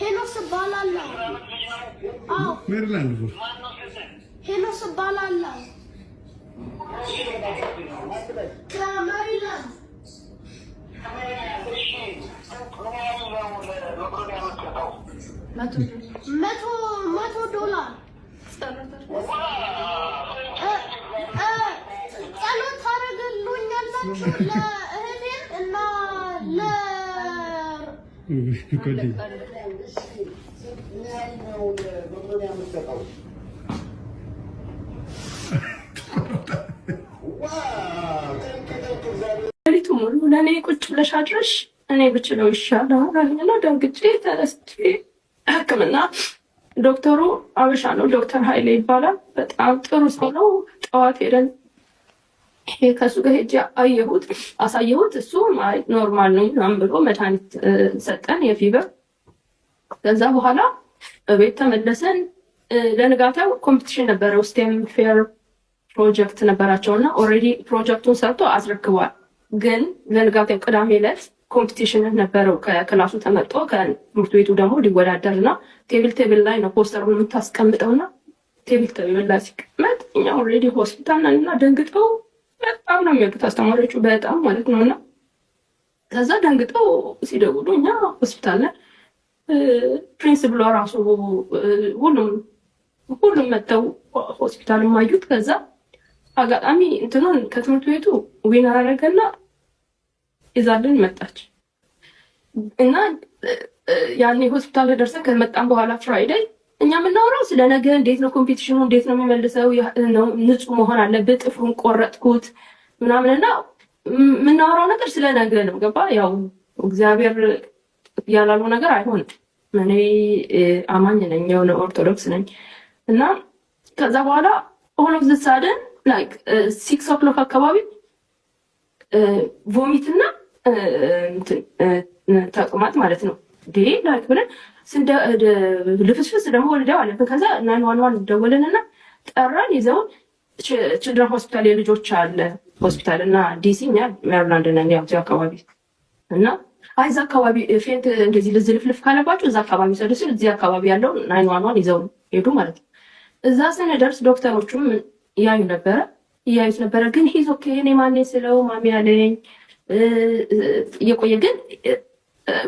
ሄኖስ እባላለሁ። አዎ ሜሪላንድ ነው። ሄኖስ እባላለሁ ከሜሪላንድ። መቶ መቶ ዶላር ጸሎት ታደርግልኛላችሁ ለእህቴም እና ሪቱ ሙሉ ለእኔ ቁጭ ብለሽ አድረሽ እኔ ብችለው ይሻላል አለኝና ደንግጬ ተነስቼ ሕክምና ዶክተሩ አበሻ ነው። ዶክተር ኃይሌ ይባላል። በጣም ጥሩ ሰው ነው። ጠዋት ሄደን ከሱ ጋር ሄጄ አየሁት፣ አሳየሁት። እሱ ኖርማል ነው ምናምን ብሎ መድኃኒት ሰጠን የፊቨር። ከዛ በኋላ ቤት ተመለሰን። ለንጋታው ኮምፒቲሽን ነበረ። ስቴም ፌር ፕሮጀክት ነበራቸው እና ኦልሬዲ ፕሮጀክቱን ሰርቶ አስረክቧል። ግን ለንጋታው ቅዳሜ ዕለት ኮምፒቲሽን ነበረው። ከክላሱ ተመርጦ ከትምህርት ቤቱ ደግሞ ሊወዳደር እና ቴብል ቴብል ላይ ነው ፖስተሩን የምታስቀምጠው እና ቴብል ቴብል ላይ ሲቀመጥ እኛ ኦልሬዲ ሆስፒታል ነን እና ደንግጠው በጣም ነው የሚያውቁት አስተማሪዎቹ በጣም ማለት ነው። እና ከዛ ደንግጠው ሲደውሉ እኛ ሆስፒታል ላይ ፕሪንስ ብሎ ራሱ ሁሉም ሁሉም መጥተው ሆስፒታል ማዩት። ከዛ አጋጣሚ እንትኑን ከትምህርት ቤቱ ዊና አደረገና ይዛልን መጣች እና ያኔ ሆስፒታል ደርሰን ከመጣን በኋላ ፍራይደይ እኛ የምናወራው ስለ ነገ እንዴት ነው ኮምፒቲሽኑ እንዴት ነው የሚመልሰው፣ ንጹህ መሆን አለበት፣ ጥፍሩን ቆረጥኩት ምናምንና እና የምናወራው ነገር ስለ ነገ ነው። ገባ? ያው እግዚአብሔር ያላለው ነገር አይሆንም። እኔ አማኝ ነኝ፣ የሆነ ኦርቶዶክስ ነኝ እና ከዛ በኋላ ሆኖ ዝሳደን ላይክ ሲክስ ኦክሎክ አካባቢ ቮሚትና እና ተቅማጥ ማለት ነው ላይክ ብለን ልፍስፍስ ደግሞ ወልደው አለፍ። ከዛ ናን ዋንዋን ደወልንና ጠራን። ይዘውን ችልድረን ሆስፒታል የልጆች አለ ሆስፒታል እና ዲሲ እኛ ሜሪላንድ ነን ያው እዚሁ አካባቢ እና አይ እዛ አካባቢ ፌንት እንደዚህ ልዝልፍልፍ ካለባቸው እዛ አካባቢ ሰዱ ሲል እዚህ አካባቢ ያለው ናይን ዋን ዋን ይዘው ሄዱ ማለት ነው። እዛ ስንደርስ ዶክተሮቹም እያዩ ነበረ እያዩት ነበረ። ግን ሂዝ ኦኬ እኔ ማን ስለው ማሚ ያለኝ እየቆየ ግን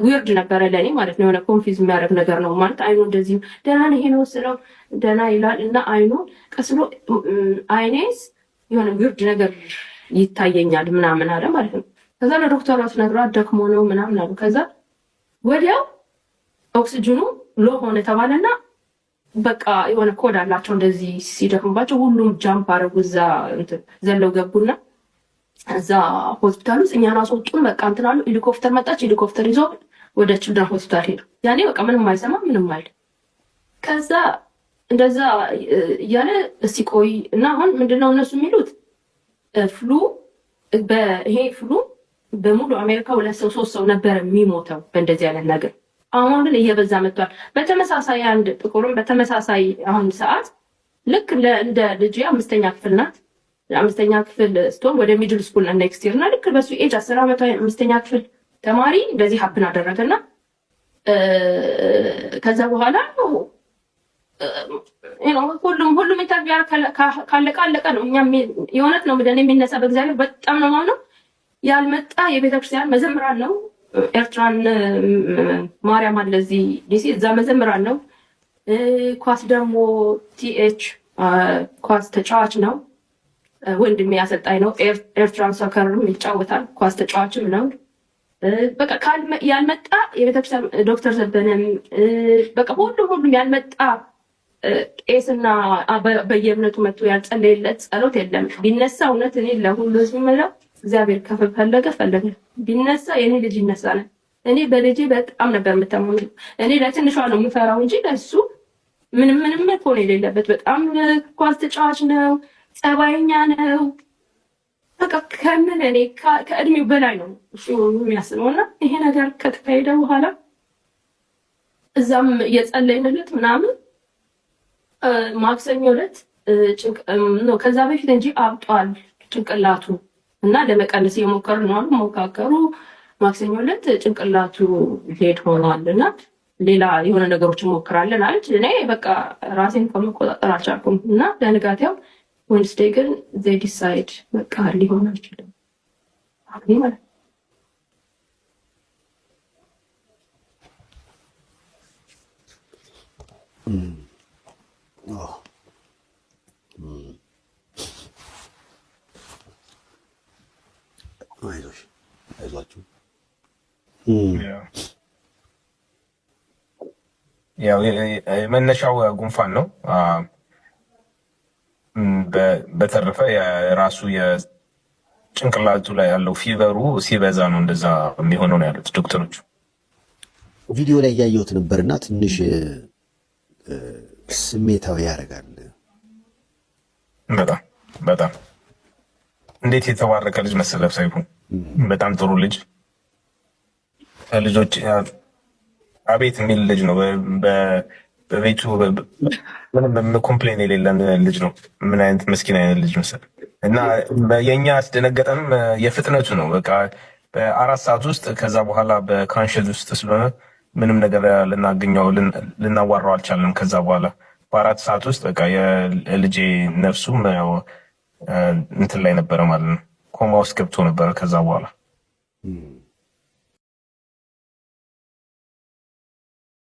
ዊርድ ነበረ ለእኔ ማለት ነው። የሆነ ኮንፊዝ የሚያደርግ ነገር ነው ማለት አይኑ እንደዚህ ደህና ነው ይሄን ወስለው ደህና ይላል እና አይኑ ቀስሎ አይኔስ የሆነ ዊርድ ነገር ይታየኛል ምናምን አለ ማለት ነው። ከዛ ለዶክተሯ ስነግሯት ደክሞ ነው ምናምን አሉ። ከዛ ወዲያው ኦክሲጅኑ ሎ ሆነ ተባለና በቃ የሆነ ኮድ አላቸው እንደዚህ ሲደክምባቸው ሁሉም ጃምፕ አረጉ እዛ ዘለው ገቡና እዛ ሆስፒታል ውስጥ እኛን አስወጡን። በቃ እንትናሉ አሉ። ሄሊኮፕተር መጣች። ሄሊኮፕተር ይዞ ወደ ችልድረን ሆስፒታል ሄዱ። ያኔ በቃ ምንም አይሰማ ምንም አይል። ከዛ እንደዛ እያለ እስቲ ቆይ እና አሁን ምንድነው እነሱ የሚሉት ፍሉ ይሄ ፍሉ በሙሉ አሜሪካ ሁለት ሰው ሶስት ሰው ነበረ የሚሞተው በእንደዚህ አይነት ነገር። አሁን ግን እየበዛ መጥቷል። በተመሳሳይ አንድ ጥቁርም በተመሳሳይ አሁን ሰዓት ልክ እንደ ልጅ አምስተኛ ክፍል ናት አምስተኛ ክፍል ስቶ ወደ ሚድል ስኩል ኔክስት ይር እና ልክ በሱ ኤጅ አስር ዓመቷ አምስተኛ ክፍል ተማሪ እንደዚህ ሀፕን አደረገና ከዛ በኋላ ሁሉም ሁሉም ኢንተርቪው ካለቀ አለቀ ነው። እኛ የእውነት ነው ምደን የሚነሳ በእግዚአብሔር በጣም ነው ማምነው። ያልመጣ የቤተክርስቲያን መዘምራን ነው። ኤርትራን ማርያም አለ እዚህ ዲሲ፣ እዛ መዘምራን ነው። ኳስ ደግሞ ቲኤች ኳስ ተጫዋች ነው። ወንድሜ ያሰልጣኝ ነው። ኤርትራን ሰከሩ ይጫወታል፣ ኳስ ተጫዋችም ነው። በቃ ያልመጣ የቤተክርስቲያን ዶክተር ዘበነም በቃ ሁሉም ሁሉም ያልመጣ ቄስና በየእምነቱ መጥቶ ያልጸለየለት ጸሎት የለም። ቢነሳ እውነት እኔ ለሁሉ ህዝብ ምለው እግዚአብሔር ከፈለገ ፈለገ ቢነሳ የእኔ ልጅ ይነሳ ነ እኔ በልጄ በጣም ነበር የምተሙ። እኔ ለትንሿ ነው የምፈራው እንጂ ለሱ ምንም ምንም መሆን የሌለበት በጣም ኳስ ተጫዋች ነው። ጸባይኛ ነው። በቃ ከምን እኔ ከእድሜው በላይ ነው የሚያስበው እና ይሄ ነገር ከተካሄደ በኋላ እዛም እየጸለይንለት ምናምን ማክሰኞ ዕለት ከዛ በፊት እንጂ አብጧል ጭንቅላቱ እና ለመቀነስ እየሞከሩ ነው አሉ። ሞካከሩ ማክሰኞ ዕለት ጭንቅላቱ ሌድ ሆኗል እና ሌላ የሆነ ነገሮች ሞክራለን አለች። እኔ በቃ ራሴን ከመቆጣጠር አልቻልኩም እና ለንጋት ያው ወንስዴ ግን ዜ ዲሳይድ በቃ ሊሆን አይችልም ማለት አይዞሽ አይዟችሁ። ያው መነሻው ጉንፋን ነው። በተረፈ የራሱ የጭንቅላቱ ላይ ያለው ፊቨሩ ሲበዛ ነው እንደዛ የሚሆነው ነው ያሉት ዶክተሮቹ። ቪዲዮ ላይ እያየሁት ነበርና ትንሽ ስሜታዊ ያደርጋል። በጣም በጣም እንዴት የተባረከ ልጅ መሰለህ ሳይሆን በጣም ጥሩ ልጅ ልጆች አቤት የሚል ልጅ ነው። በቤቱ ምንም ኮምፕሌን የሌለን ልጅ ነው። ምን አይነት መስኪን አይነት ልጅ ምስል እና የእኛ ያስደነገጠም የፍጥነቱ ነው። በቃ በአራት ሰዓት ውስጥ ከዛ በኋላ በካንሸል ውስጥ ስለሆነ ምንም ነገር ልናገኘው ልናዋራው አልቻለም። ከዛ በኋላ በአራት ሰዓት ውስጥ በቃ የልጄ ነፍሱ እንትን ላይ ነበረ ማለት ነው። ኮማ ውስጥ ገብቶ ነበረ ከዛ በኋላ